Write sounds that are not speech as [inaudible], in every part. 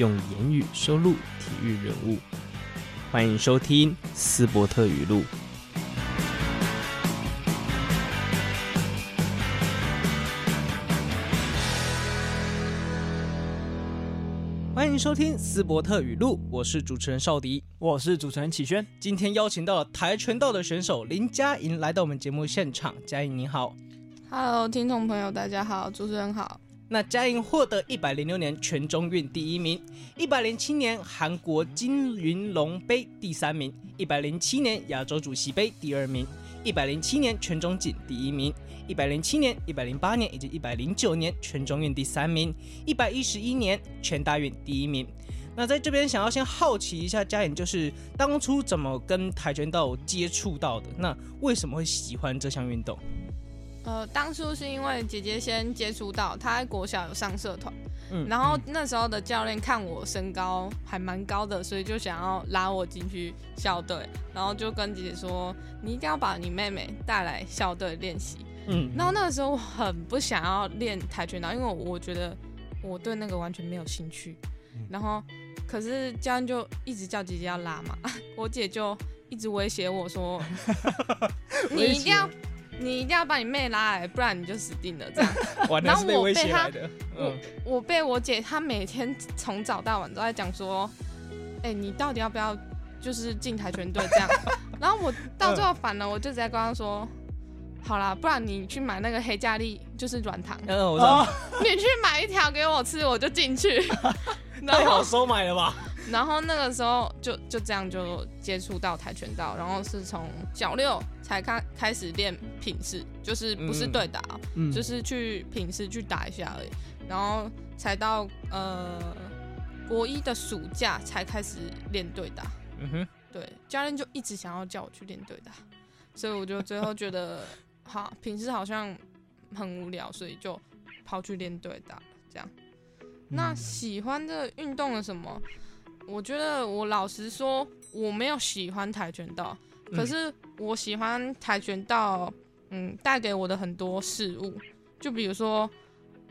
用言語收錄體育人物，歡迎收聽斯伯特語錄。歡迎收聽斯伯特語錄，我是主持人邵迪，我是主持人啟軒。今天邀請到了跆拳道的選手林家瑩來到我們節目現場，家瑩你好。Hello，聽眾朋友大家好，主持人好。那家瑩獲得一百零六年全中運第一名，一百零七年韓國金雲龍盃第三名，一百零七年亞洲主席盃第二名，一百零七年全中錦第一名，一百零七年、一百零八年以及一百零九年全中運第三名，一百一十一年全大運第一名。那在這邊想要先好奇一下，家瑩就是當初怎麼跟跆拳道接觸到的？那為什麼會喜歡這項運動？呃，當初是因為姐姐先接觸到，她在國小有上社團，嗯，然後那時候的教練看我身高還蠻高的，所以就想要拉我進去校隊，然後就跟姐姐說，你一定要把你妹妹帶來校隊練習，嗯，然後那個時候我很不想要練跆拳道，因為我覺得我對那個完全沒有興趣，然後可是教練就一直叫姐姐要拉嘛，我姐就一直威脅我說， [laughs] 威脅笑你一定要。你一定要把你妹拉來，不然你就死定了。這樣完全是被威脅來的，然後我被他，嗯、我我被我姐，她每天從早到晚都在講說，哎、欸，你到底要不要就是進跆拳隊？這樣， [laughs] 然後我到最後煩了，我就直接跟她說、嗯，好啦，不然你去買那個黑嘉麗，就是軟糖。嗯，我說，你去買一條給我吃，我就進去。那 [laughs] 好收買了吧？然後那個時候就就這樣就接觸到跆拳道，然後是從小六才開開始練品勢，就是不是對打，嗯嗯、就是去品勢去打一下而已。然後才到呃國一的暑假才開始練對打。嗯哼，對，教練就一直想要叫我去練對打，所以我就最後覺得好， [laughs] 品勢好像很無聊，所以就跑去練對打這樣。那喜歡的運動的什麼？我覺得我老實說，我沒有喜歡跆拳道，嗯、可是我喜歡跆拳道，嗯，帶給我的很多事物，就比如說，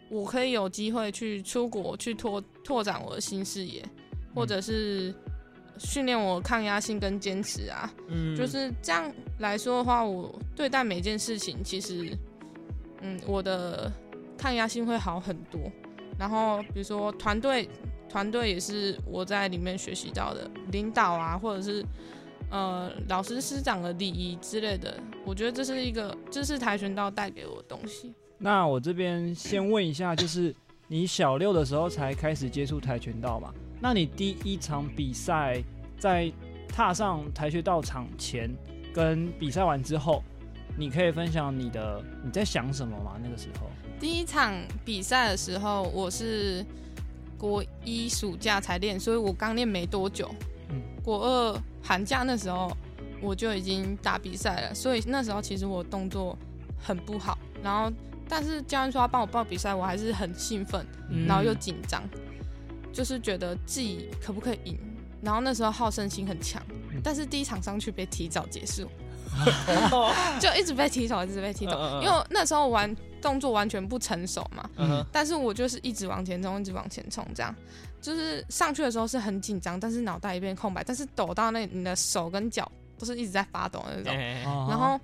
我可以有機會去出國，去拓拓展我的新視野，嗯、或者是訓練我的抗壓性跟堅持啊，嗯，就是這樣來說的話，我對待每件事情，其實，嗯，我的抗壓性會好很多。然後比如說團隊。團隊也是我在裡面學習到的領導啊，或者是呃老師師長的禮儀之類的。我覺得這是一個，這是跆拳道帶給我的東西。那我這邊先問一下，就是你小六的時候才開始接觸跆拳道嘛？那你第一場比賽在踏上跆拳道場前跟比賽完之後，你可以分享你的你在想什麼嗎？那個時候，第一場比賽的時候，我是。國一暑假才練，所以我剛練沒多久。嗯，國二寒假那時候我就已經打比賽了，所以那時候其實我動作很不好。然後，但是教練說要幫我報比賽，我還是很興奮，然後又緊張、嗯，就是覺得自己可不可以贏。然後那時候好勝心很強，但是第一場上去被提早結束， [laughs] 就一直被提早，一直被提早。因為那時候玩。動作完全不成熟嘛、嗯，但是我就是一直往前衝，一直往前衝，這樣就是上去的時候是很緊張，但是腦袋一片空白，但是抖到那你的手跟腳都是一直在發抖的那種，欸、然後哦哦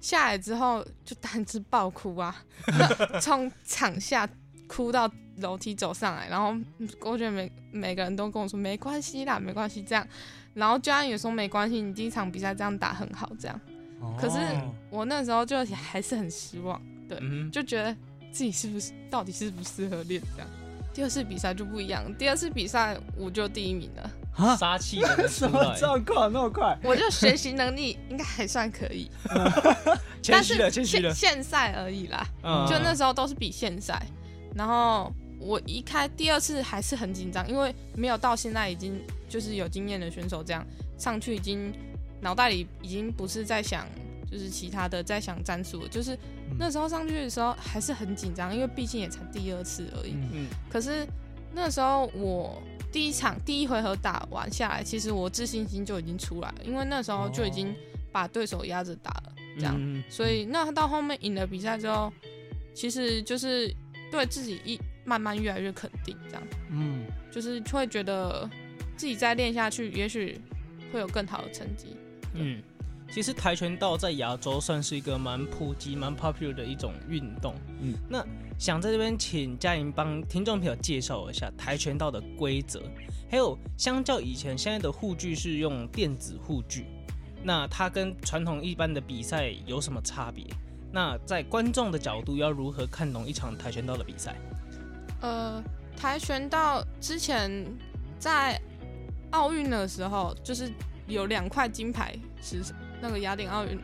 下來之後就膽子爆哭啊，從 [laughs] 場下哭到樓梯走上來，然後我覺得每每個人都跟我說沒關係啦，沒關係這樣，然後教練也說沒關係，你第一場比賽這樣打很好這樣、哦，可是我那時候就還是很失望。嗯，就覺得自己是不是到底適不適合練？這樣，第二次比賽就不一樣。第二次比賽我就第一名了，殺氣什麼？狀況那麼快？我就學習能力應該還算可以。 [laughs] 但是了，縣賽而已啦，嗯。就那時候都是比縣賽，嗯，然後我一開第二次還是很緊張，因為沒有到現在已經就是有經驗的選手這樣上去，已經腦袋裡已經不是在想。就是其他的在想戰術，就是那時候上去的時候還是很緊張，因為畢竟也才第二次而已。嗯。是。可是那時候我第一場第一回合打完下來，其實我自信心就已經出來了，因為那時候就已經把對手壓着打了、哦，這樣。所以那到後面贏了比賽之後，其實就是對自己一慢慢越來越肯定，這樣。嗯。就是會覺得自己再練下去，也許會有更好的成績，對。嗯。其實跆拳道在亞洲算是一個蠻普及，蠻 popular 的一種運動。嗯，那想在這邊請家瑩幫聽眾朋友介紹一下跆拳道的規則，還有相較以前現在的護具是用電子護具，那它跟傳統一般的比賽有什麼差別？那在觀眾的角度要如何看懂一場跆拳道的比賽？呃，跆拳道之前在奧運的時候，就是有兩塊金牌是。那個雅典奧運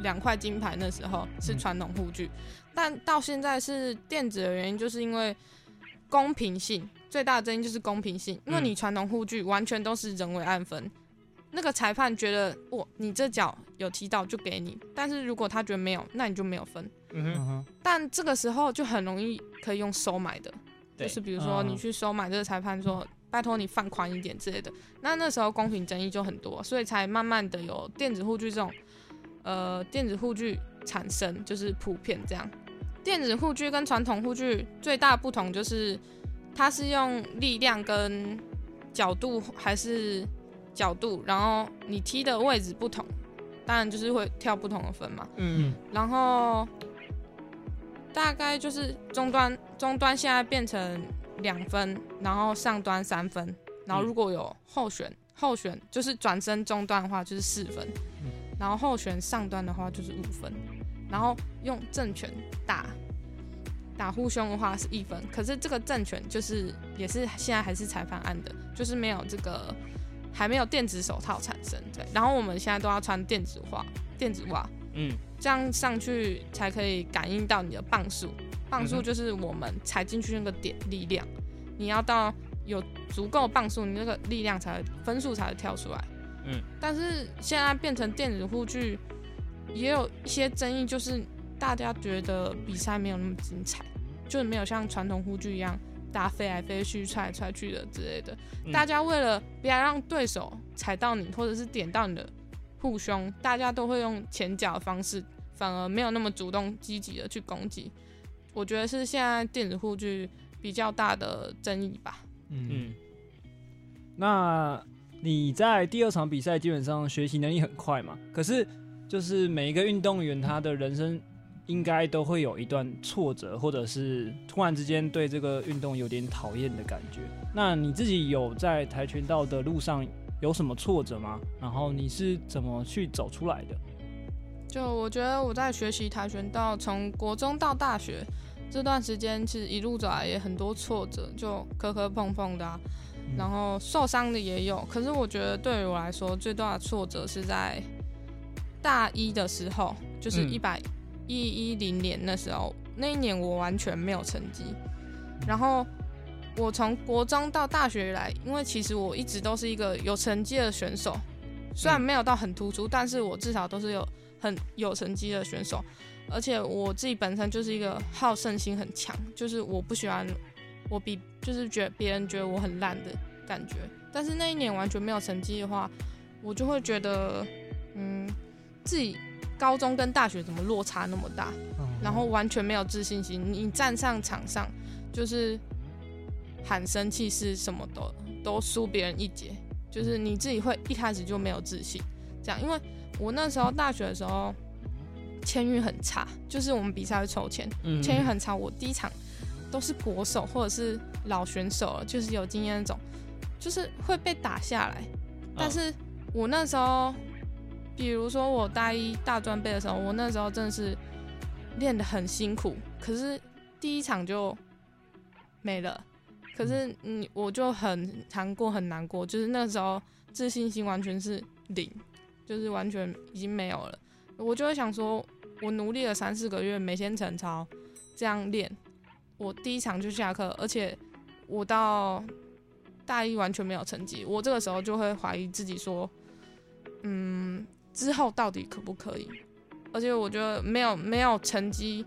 兩塊金牌，那時候是傳統護具、嗯，但到現在是電子的原因，就是因為公平性。最大的爭議就是公平性，因為你傳統護具完全都是人為按分、嗯，那個裁判覺得哦，你這腳有踢到就給你，但是如果他覺得沒有，那你就沒有分。嗯、但這個時候就很容易可以用收買的，就是比如說你去收買這個裁判說，嗯嗯拜託你放寬一點之類的，那那時候公平爭議就很多，所以才慢慢的有電子護具這種，呃，電子護具產生就是普遍這樣。電子護具跟傳統護具最大不同就是，它是用力量跟角度還是角度，然後你踢的位置不同，當然就是會跳不同的分嘛。嗯，嗯。然後大概就是終端、終端現在變成，兩分，然後上端三分，然後如果有後旋後旋，就是轉身中段的話就是四分，然後後旋上端的話就是五分，然後用正拳打打護胸的話是一分，可是這個正拳就是也是現在還是裁判按的，就是沒有這個還沒有電子手套產生，對，然後我們現在都要穿電子化、電子襪，嗯，這樣上去才可以感應到你的磅數。磅數就是我們踩進去那個點力量，你要到有足夠磅數，你那個力量才分數才會跳出來。嗯，但是現在變成電子護具，也有一些爭議，就是大家覺得比賽沒有那麼精彩，就是沒有像傳統護具一樣，大家飛來飛去、踹來踹去的之類的。大家為了不要讓對手踩到你，或者是點到你的護胸，大家都會用前腳的方式，反而沒有那麼主動積極的去攻擊。我覺得是現在電子護具比較大的爭議吧。嗯，那你在第二場比賽基本上學習能力很快嘛？可是就是每一個運動員他的人生應該都會有一段挫折，或者是突然之間對這個運動有點討厭的感覺。那你自己有在跆拳道的路上有什麼挫折嗎？然後你是怎麼去走出來的？就我覺得我在學習跆拳道，從國中到大學。這段時間其實一路走來也很多挫折，就磕磕碰碰的，啊，然後受傷的也有。可是我覺得對於我來說，最大的挫折是在大一的時候，就是一百一十年的時候，嗯，那一年我完全沒有成績。然後我從國中到大學以來，因為其實我一直都是一個有成績的選手，雖然沒有到很突出，但是我至少都是有很有成績的選手。而且我自己本身就是一個好勝心很強，就是我不喜歡我比，就是覺得別人覺得我很爛的感覺。但是那一年完全沒有成績的話，我就會覺得，嗯，自己高中跟大學怎麼落差那麼大，然後完全沒有自信心。你站上場上，就是喊聲氣勢什麼都都輸別人一截，就是你自己會一開始就沒有自信，這樣。因為我那時候大學的時候。籤運很差，就是我們比賽會抽籤，籤、嗯、運很差。我第一場都是國手或者是老選手了，就是有經驗那種，就是會被打下來。哦、但是我那時候，比如說我大一大專盃的時候，我那時候真的是練得很辛苦，可是第一場就沒了。可是你、嗯、我就很難過，很難過，就是那時候自信心完全是零，就是完全已經沒有了。我就會想說。我努力了三四個月，每天晨操，這樣練，我第一場就下課，而且我到大一完全沒有成績，我這個時候就會懷疑自己說，嗯，之後到底可不可以？而且我覺得沒有沒有成績，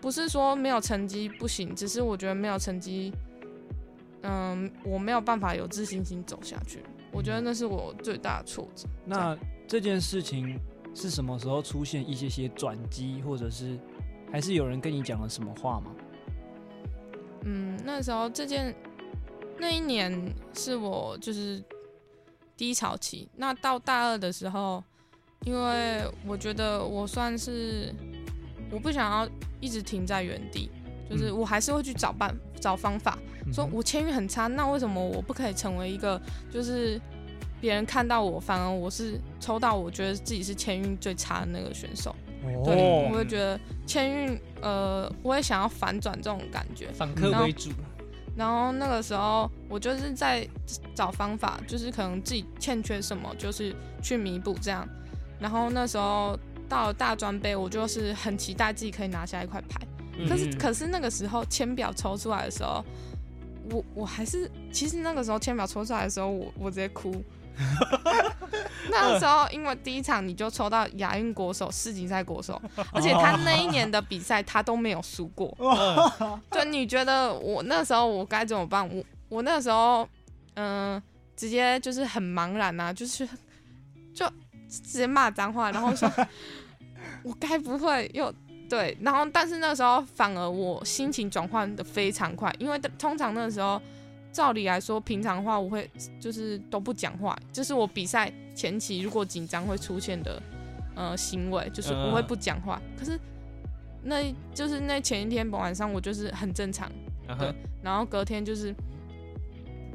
不是說沒有成績不行，只是我覺得沒有成績，嗯、呃，我沒有辦法有自信心走下去，我覺得那是我最大的挫折。那這，這件事情。是什麼時候出現一些些轉機，或者是還是有人跟你講了什麼話嗎？嗯，那時候這件，那一年是我就是低潮期。那到大二的時候，因為我覺得我算是，我不想要一直停在原地，就是我還是會去找辦找方法，嗯、說我簽約很差，那為什麼我不可以成為一個就是。別人看到我，反而我是抽到我覺得自己是籤運最差的那個選手，oh. 對我也覺得籤運，呃，我也想要反轉這種感覺，反客為主。然後，然後那個時候我就是在找方法，就是可能自己欠缺什麼，就是去彌補這樣。然後那時候到了大專杯，我就是很期待自己可以拿下一塊牌。嗯嗯。可是，可是那個時候籤表抽出來的時候，我我還是其實那個時候籤表抽出來的時候，我我直接哭。 [laughs] 那時候，因為第一場你就抽到亞運國手、世錦賽國手，而且他那一年的比賽他都沒有輸過。對、 [laughs] 嗯，就你覺得我那時候我該怎麼辦？我我那時候，嗯、呃，直接就是很茫然啊，就是就直接罵髒話，然後說， [laughs] 我該不會又對？然後，但是那時候反而我心情轉換得非常快，因為通常那時候。照理來說，平常的話我會就是都不講話，就是我比賽前期如果緊張會出現的，呃，行為就是我會不講話、呃。可是那，那就是那前一天晚上我就是很正常、啊，然後隔天就是，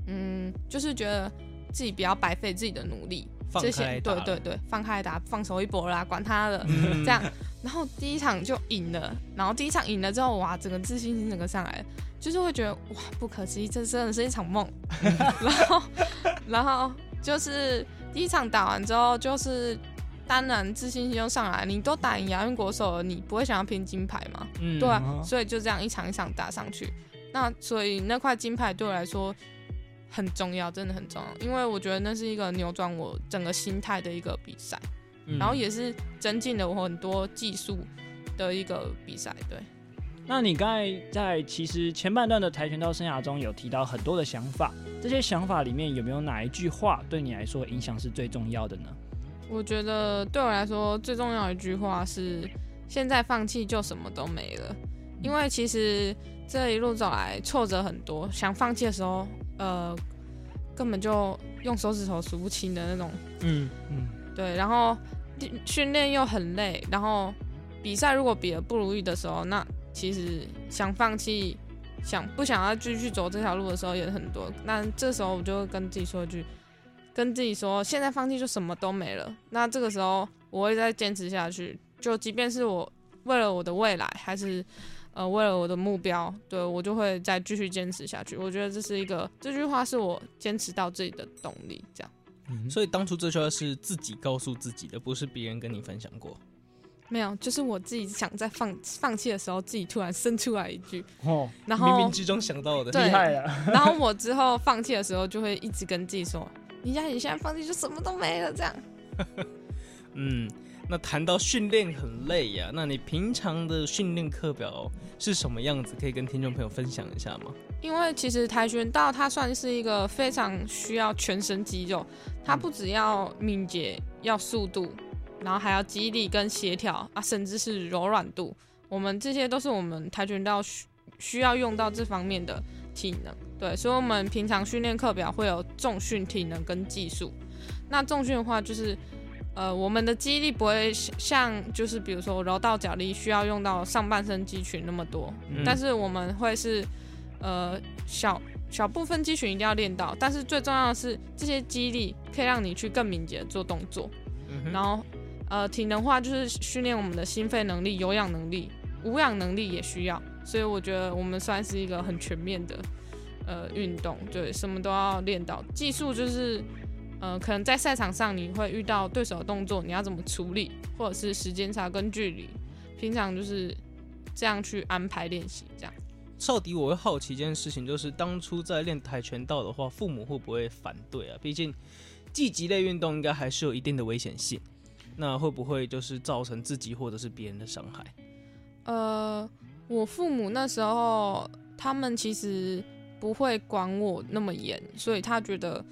嗯，就是覺得自己比較白費自己的努力。這些對對對，放開打，放手一搏啦，管他的。這樣，然後第一場就贏了，然後第一場贏了之後，哇，整個自信心整個上來，就是會覺得哇，不可思議，這真的是一場夢， [laughs] 然後然後就是第一場打完之後，就是當然自信心又上來，你都打贏亞運國手了，你不會想要拼金牌嗎？嗯，對啊，所以就這樣一場一場打上去，那所以那塊金牌對我來說很重要，真的很重要，因為我覺得那是一個扭轉我整個心態的一個比賽，嗯，然後也是增進了我很多技術的一個比賽。對，那你剛才在其實前半段的跆拳道生涯中有提到很多的想法，這些想法裡面有沒有哪一句話對你來說影響是最重要的呢？我覺得對我來說最重要的一句話是：現在放棄就什麼都沒了，因為其實這一路走來挫折很多，想放棄的時候。呃，根本就用手指頭數不清的那種。嗯嗯，對。然後訓練又很累，然後比賽如果比得不如意的時候，那其實想放棄、想不想要繼續走這條路的時候也很多。那這時候我就會跟自己說一句，跟自己說，現在放棄就什麼都沒了。那這個時候我會再堅持下去，就即便是我為了我的未來，還是。呃，為了我的目標，對，我就會再繼續堅持下去。我覺得這是一個，這句話是我堅持到自己的動力，這樣，嗯。所以當初這句話是自己告訴自己的，不是別人跟你分享過？沒有，就是我自己想在放放棄的時候，自己突然生出來一句哦，然後冥冥之中想到我的厲害了。 [laughs] 然後我之後放棄的時候，就會一直跟自己說，你像你現在放棄就什麼都沒了，這樣。 [laughs] 嗯。那談到訓練很累呀，啊，那你平常的訓練課表是什麼樣子？可以跟聽眾朋友分享一下嗎？因為其實跆拳道它算是一個非常需要全身肌肉，它不只要敏捷、要速度，然後還要肌力跟協調啊，甚至是柔軟度。我們這些都是我們跆拳道需需要用到這方面的體能。對，所以我們平常訓練課表會有重訓體能跟技術。那重訓的話就是。呃，我們的肌力不會像，就是比如說柔道角力需要用到上半身肌群那麼多。嗯，但是我們會是，呃，小小部分肌群一定要練到，但是最重要的是這些肌力可以讓你去更敏捷地做動作。嗯，然後，呃，體能化就是訓練我們的心肺能力、有氧能力、無氧能力也需要，所以我覺得我們算是一個很全面的，呃，運動，對，什麼都要練到，技術就是。嗯、呃，可能在賽場上你會遇到對手的動作，你要怎麼處理，或者是時間差跟距離，平常就是這樣去安排練習。這樣，少迪，我會好奇一件事情，就是當初在練跆拳道的話，父母會不會反對啊？畢竟，技擊類運動應該還是有一定的危險性，那會不會就是造成自己或者是別人的傷害？呃，我父母那時候，他們其實不會管我那麼嚴，所以他覺得，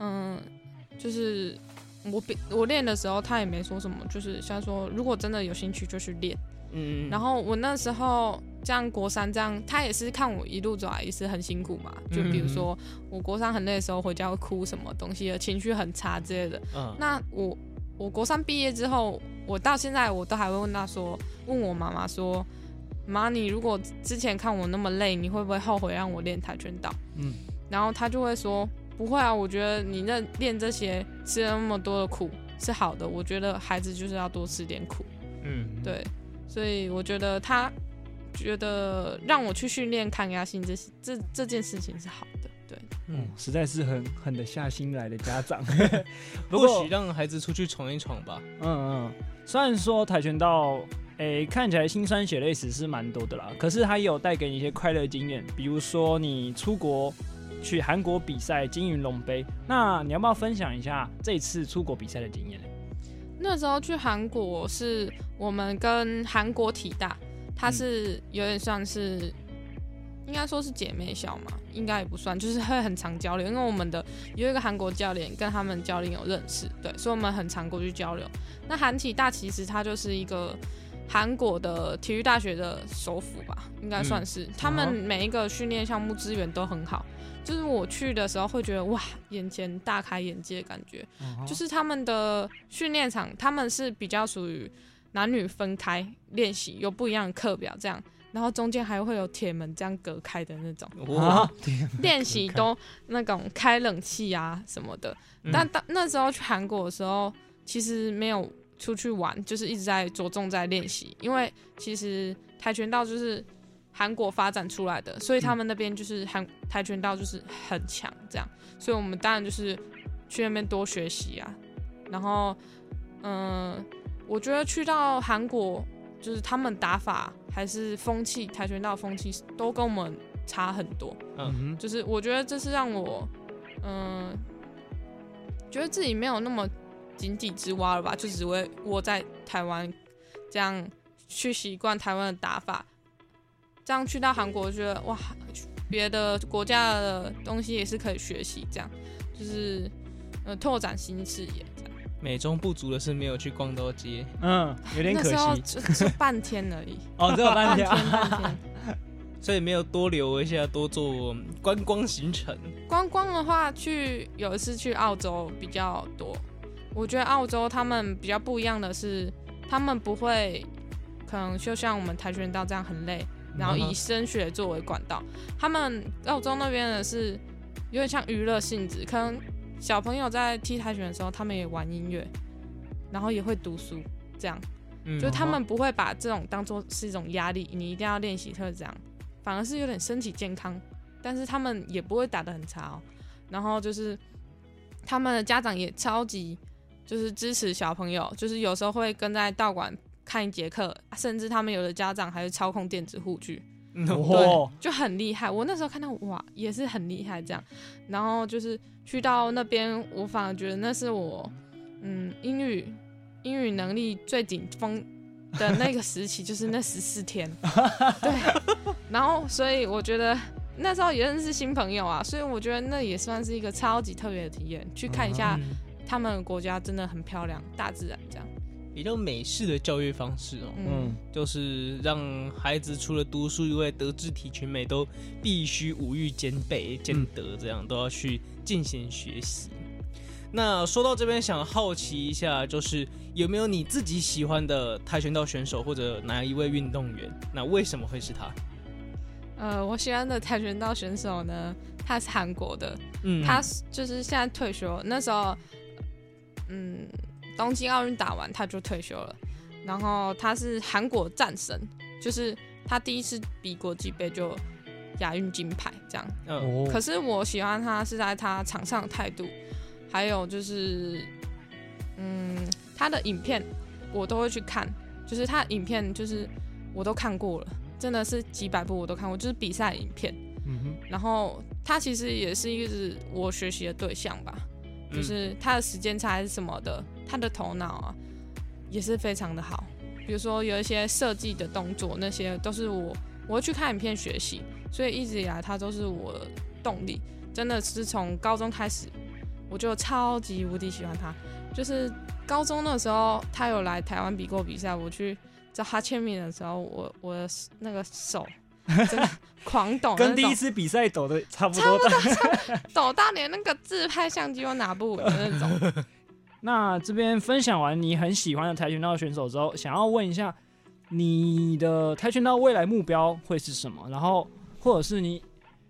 嗯、呃。就是我比我練的時候，他也沒說什麼，就是像說，如果真的有興趣就去練。嗯。然後我那時候像國三這樣，他也是看我一路走來也是很辛苦嘛。就比如說我國三很累的時候，回家會哭什麼東西的，情緒很差之類的。那我我國三畢業之後，我到現在我都還會問他說，問我媽媽說，媽，你如果之前看我那麼累，你會不會後悔讓我練跆拳道？嗯。然後他就會說。不會啊，我覺得你那練這些吃了那麼多的苦是好的。我覺得孩子，就是要多吃點苦，嗯，對，所以我覺得他覺得讓我去訓練抗壓性這這這件事情是好的，對，嗯，實在是很狠得下心來的家長，不過讓孩子出去闖一闖吧，嗯嗯，嗯，雖然說跆拳道誒看起來心酸血淚史是蠻多的啦，可是他也有帶給你一些快樂經驗，比如說你出國。去韓國比賽金雲龍盃。那你要不要分享一下這一次出國比賽的經驗呢？那時候去韓國是我們跟韓國體大，它，是有點算是，應該說是姐妹校嘛，應該也不算，就是會很常交流，因為我們的有一個韓國教練跟他們教練有認識，對，所以我們很常過去交流。那韓體大其實它就是一個。韓國的體育大學的首府吧，應該算是、嗯、他們每一個訓練項目資源都很好，嗯，就是我去的時候會覺得哇，眼前大開眼界的感覺，嗯、就是他們的訓練場，他們是比較屬於男女分開練習，有不一樣的課表這樣，然後中間還會有鐵門這樣隔開的那種。哇、嗯，練習都那種開冷氣啊什麼的，嗯、但當那時候去韓國的時候，其實沒有。出去玩就是一直在着重在練習，因為其實跆拳道就是韓國發展出來的，所以他們那邊就是韓跆拳道就是很強，這樣，所以我們當然就是去那邊多學習啊。然後，嗯、呃，我覺得去到韓國，就是他們打法還是風氣，跆拳道風氣都跟我們差很多。嗯哼，就是我覺得這是讓我，嗯、呃，覺得自己沒有那麼。井底之蛙了吧，就只會窩在台灣，這樣去習慣台灣的打法，這樣去到韓國就覺得哇，別的國家的東西也是可以學習，這樣就是呃拓展新視野。美中不足的是沒有去逛多街，嗯，有點可惜， [laughs] 只有半天而已。 [laughs] 哦，只有半天， [laughs] 半天，半天，所以沒有多留一下，多做觀光行程。觀光的話去，去有一次去澳洲比較多。我覺得澳洲他們比較不一樣的是，他們不會可能就像我們跆拳道這樣很累，然後以升學作為管道。嗯啊、他們澳洲那邊的是有點像娛樂性質，可能小朋友在踢跆拳的時候，他們也玩音樂，然後也會讀書，這樣、嗯啊、就他們不會把這種當做是一種壓力，你一定要練習特長，反而是有點身體健康。但是他們也不會打得很差哦，然後就是他們的家長也超級。就是支持小朋友，就是有時候會跟在道館看一節課，甚至他們有的家長還會操控電子護具，哇、嗯、對、哦，就很厲害。我那時候看到哇，也是很厲害這樣。然後就是去到那邊，我反而覺得那是我嗯英語英語能力最頂峰的那個時期，就是那十四天， [laughs] 對。然後所以我覺得那時候也認識新朋友啊，所以我覺得那也算是一個超級特別的體驗、嗯，去看一下。他們國家真的很漂亮，大自然這樣。比較美式的教育方式哦、喔，嗯，就是讓孩子除了讀書以外，德智體群美都必須五育兼備、兼得，這樣、嗯、都要去進行學習。那說到這邊，想好奇一下，就是有沒有你自己喜歡的跆拳道選手或者哪一位運動員？那為什麼會是他？呃，我喜歡的跆拳道選手呢，他是韓國的，嗯，他就是現在退休，那時候。嗯，東京奧運打完他就退休了，然後他是韓國戰神，就是他第一次比國際盃，就亞運金牌這樣。哦。可是我喜歡他是在他場上的態度，還有就是，嗯，他的影片我都會去看，就是他的影片就是我都看過了，真的是幾百部我都看過，就是比賽影片。嗯哼，然後他其實也是一直我學習的對象吧。就是他的時間差還是什麼的，他的頭腦啊也是非常的好。比如說有一些設計的動作，那些都是我我會去看影片學習，所以一直以來他都是我動力。真的是從高中開始，我就超級無敵喜歡他。就是高中那時候，他有來台灣比過比賽，我去找他簽名的時候，我我的那個手。真的狂抖，跟第一次比賽抖的差不多，差不多，抖到連那個自拍相機都拿不穩的那種。 [laughs] 那這邊分享完你很喜歡的跆拳道選手之後，想要問一下，你的跆拳道未來目標會是什麼？然後，或者是你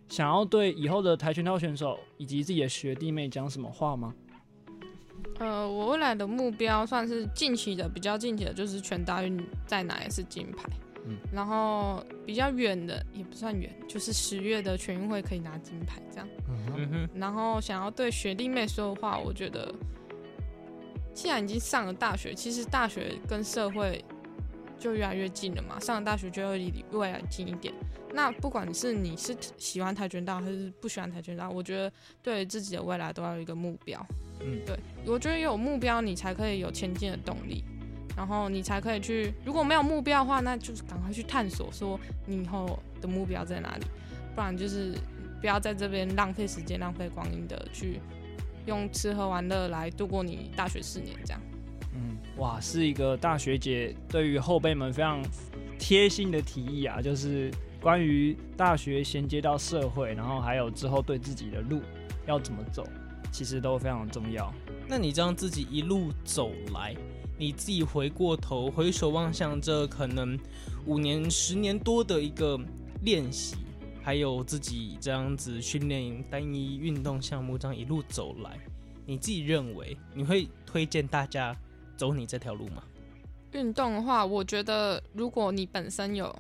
想要對以後的跆拳道選手以及自己的學弟妹講什麼話嗎？呃，我未來的目標算是近期的，比較近期的就是全大運再拿一次金牌。嗯、然後比較遠的也不算遠，就是十月的全運會可以拿金牌這樣。嗯、然後想要對學弟妹說的話，我覺得，既然已經上了大學，其實大學跟社會就越來越近了嘛。上了大學就要離未來近一點。那不管是你是喜歡跆拳道還是不喜歡跆拳道，我覺得對自己的未來都要有一個目標。嗯，對，我覺得有目標你才可以有前進的動力。然後你才可以去，如果沒有目標的話，那就是趕快去探索，說你以後的目標在哪裡，不然就是不要在這邊浪費時間、浪費光陰的去用吃喝玩樂來度過你大學四年，這樣。嗯，哇，是一個大學姐對於後輩們非常貼心的提議啊，就是關於大學銜接到社會，然後還有之後對自己的路要怎麼走，其實都非常重要。那你這樣自己一路走來。你自己回過頭，回首望向這可能五年、十年多的一個練習，還有自己這樣子訓練單一運動項目這樣一路走來，你自己認為你會推薦大家走你這條路嗎？運動的話，我覺得如果你本身有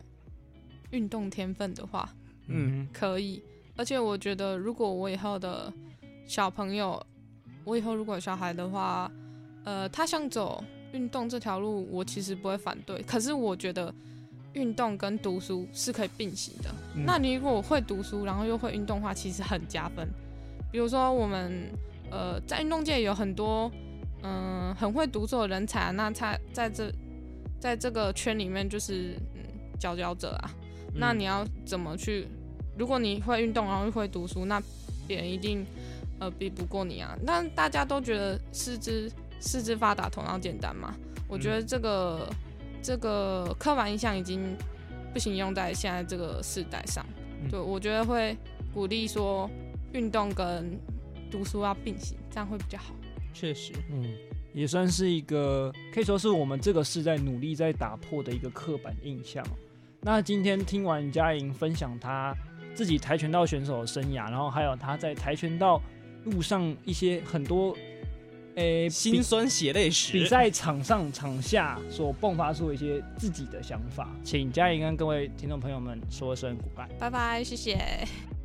運動天分的話，嗯，可以。而且我覺得，如果我以後的小朋友，我以後如果有小孩的話，呃，他想走。運動這條路我其實不會反對，可是我覺得運動跟讀書是可以並行的。嗯、那你如果會讀書，然後又會運動的話，其實很加分。比如說我們呃在運動界有很多嗯、呃、很會讀書的人才、啊，那他在這在這個圈裡面就是嗯佼佼者啊。那你要怎麼去？嗯、如果你會運動，然後又會讀書，那別人一定呃比不過你啊。那大家都覺得四肢。四肢發達，頭腦簡單嘛。我覺得這個這個刻板印象已經不行用在現在這個世代上。對，我覺得會鼓勵說，運動跟讀書要並行，這樣會比較好。確實，嗯，也算是一個可以說是我們這個世代努力在打破的一個刻板印象。那今天聽完家瑩分享她自己跆拳道選手的生涯，然後還有她在跆拳道路上一些很多。誒、欸，心酸血淚史。比賽場上場下所迸發出一些自己的想法， [laughs] 請家瑩跟各位聽眾朋友們說聲拜拜。拜拜，謝謝。